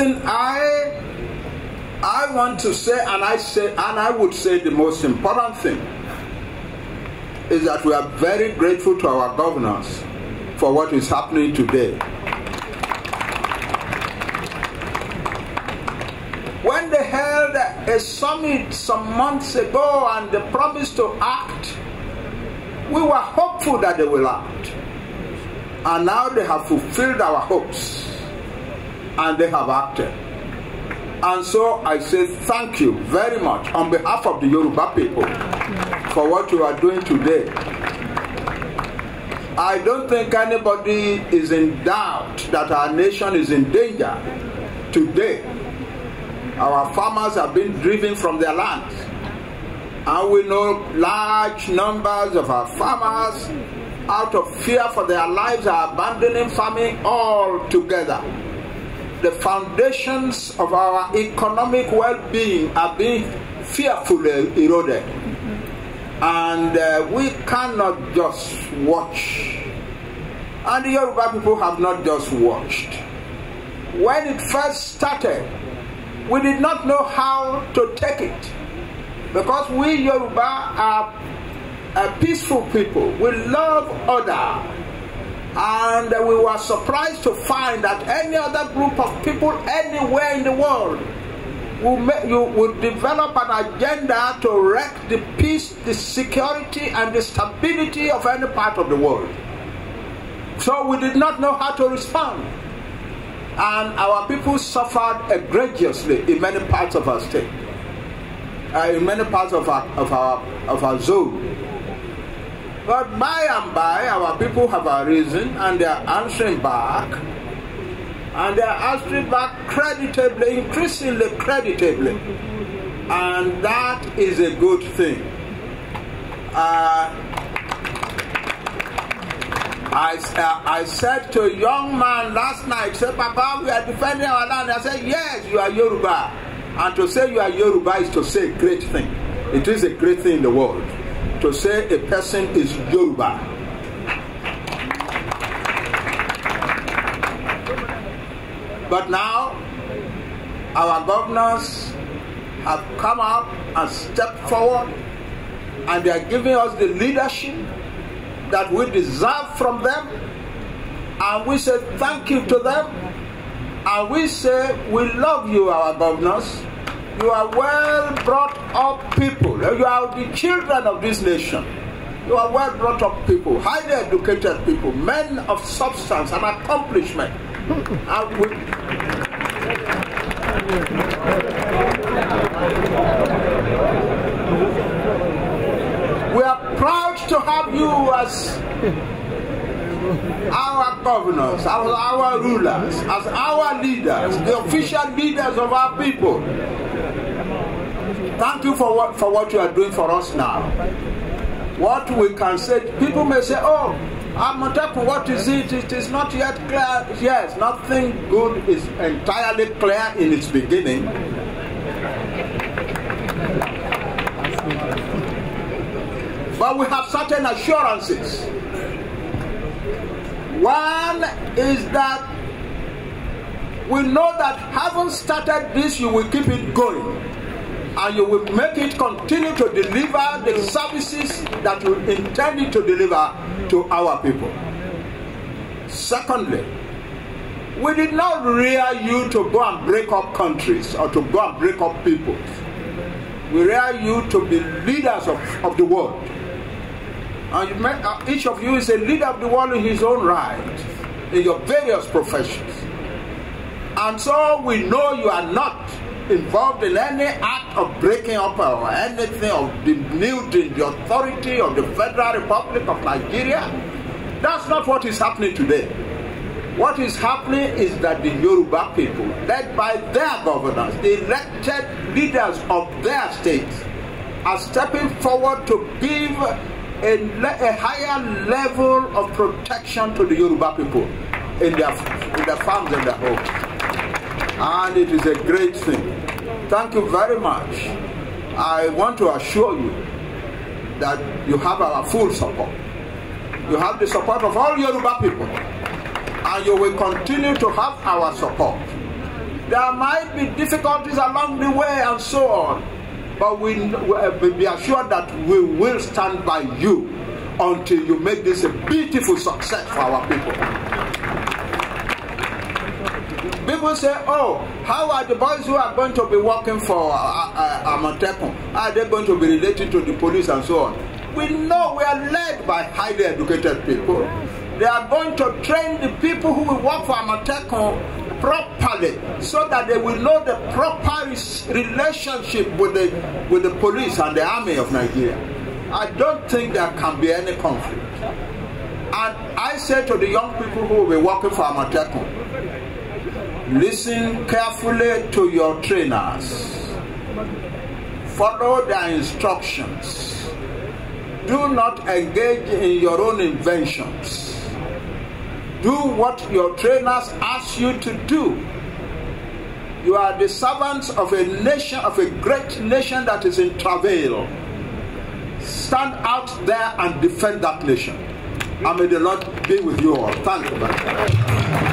person I I want to say and I say and I would say the most important thing is that we are very grateful to our governors for what is happening today. When they held a summit some months ago and they promised to act, we were hopeful that they will act. And now they have fulfilled our hopes and they have acted. And so I say thank you very much on behalf of the Yoruba people for what you are doing today. I don't think anybody is in doubt that our nation is in danger today. Our farmers have been driven from their lands. And we know large numbers of our farmers, out of fear for their lives, are abandoning farming altogether. the foundations of our economic well-being are being fearfully eroded. And uh, we cannot just watch. And the Yoruba people have not just watched. When it first started, we did not know how to take it. Because we Yoruba are a peaceful people. We love order. And we were surprised to find that any other group of people anywhere in the world will, make, will develop an agenda to wreck the peace, the security, and the stability of any part of the world. So we did not know how to respond. And our people suffered egregiously in many parts of our state, uh, in many parts of our, of our, of our zone. But by and by, our people have arisen and they are answering back. And they are answering back creditably, increasingly creditably. And that is a good thing. Uh, I, uh, I said to a young man last night, said, Papa, we are defending our land. I said, Yes, you are Yoruba. And to say you are Yoruba is to say a great thing. It is a great thing in the world. to say a person is Yoruba. But now, our governors have come up and stepped forward, and they are giving us the leadership that we deserve from them. And we say thank you to them. And we say we love you, our governors. You are well brought up people. Eh, you are the children of this nation. You are well brought up people, highly educated people, men of substance and accomplishment. we are proud to have you as our our governors, as our rulers, as our leaders, the official leaders of our people. Thank you for what, for what you are doing for us now. What we can say, people may say, oh, Amotepu, what is it? It is not yet clear. Yes, nothing good is entirely clear in its beginning. But we have certain assurances One is that we know that having started this, you will keep it going and you will make it continue to deliver the services that you intended to deliver to our people. Secondly, we did not rear you to go and break up countries or to go and break up peoples. We rear you to be leaders of, of the world And may, uh, each of you is a leader of the world in his own right, in your various professions. And so we know you are not involved in any act of breaking up or anything of denuding the authority of the Federal Republic of Nigeria. That's not what is happening today. What is happening is that the Yoruba people, led by their governors, the elected leaders of their states, are stepping forward to give a, a higher level of protection to the Yoruba people in their, in their farms and their homes. And it is a great thing. Thank you very much. I want to assure you that you have our full support. You have the support of all Yoruba people. And you will continue to have our support. There might be difficulties along the way and so on. But we, we be uh, assured that we will stand by you until you make this a beautiful success for our people. People say, oh, how are the boys who are going to be working for Amotekun? Uh, uh, uh are they going to be related to the police and so on? We know we are led by highly educated people. They are going to train the people who will work for Amotekun properly so that they will know the proper relationship with the, with the police and the army of Nigeria. I don't think there can be any conflict. And I say to the young people who will be working for Amatekun, listen carefully to your trainers. Follow their instructions. Do not engage in your own inventions. Do what your trainers ask you to do. You are the servants of a nation, of a great nation that is in travail. Stand out there and defend that nation. And may the Lord be with you all. Thank you.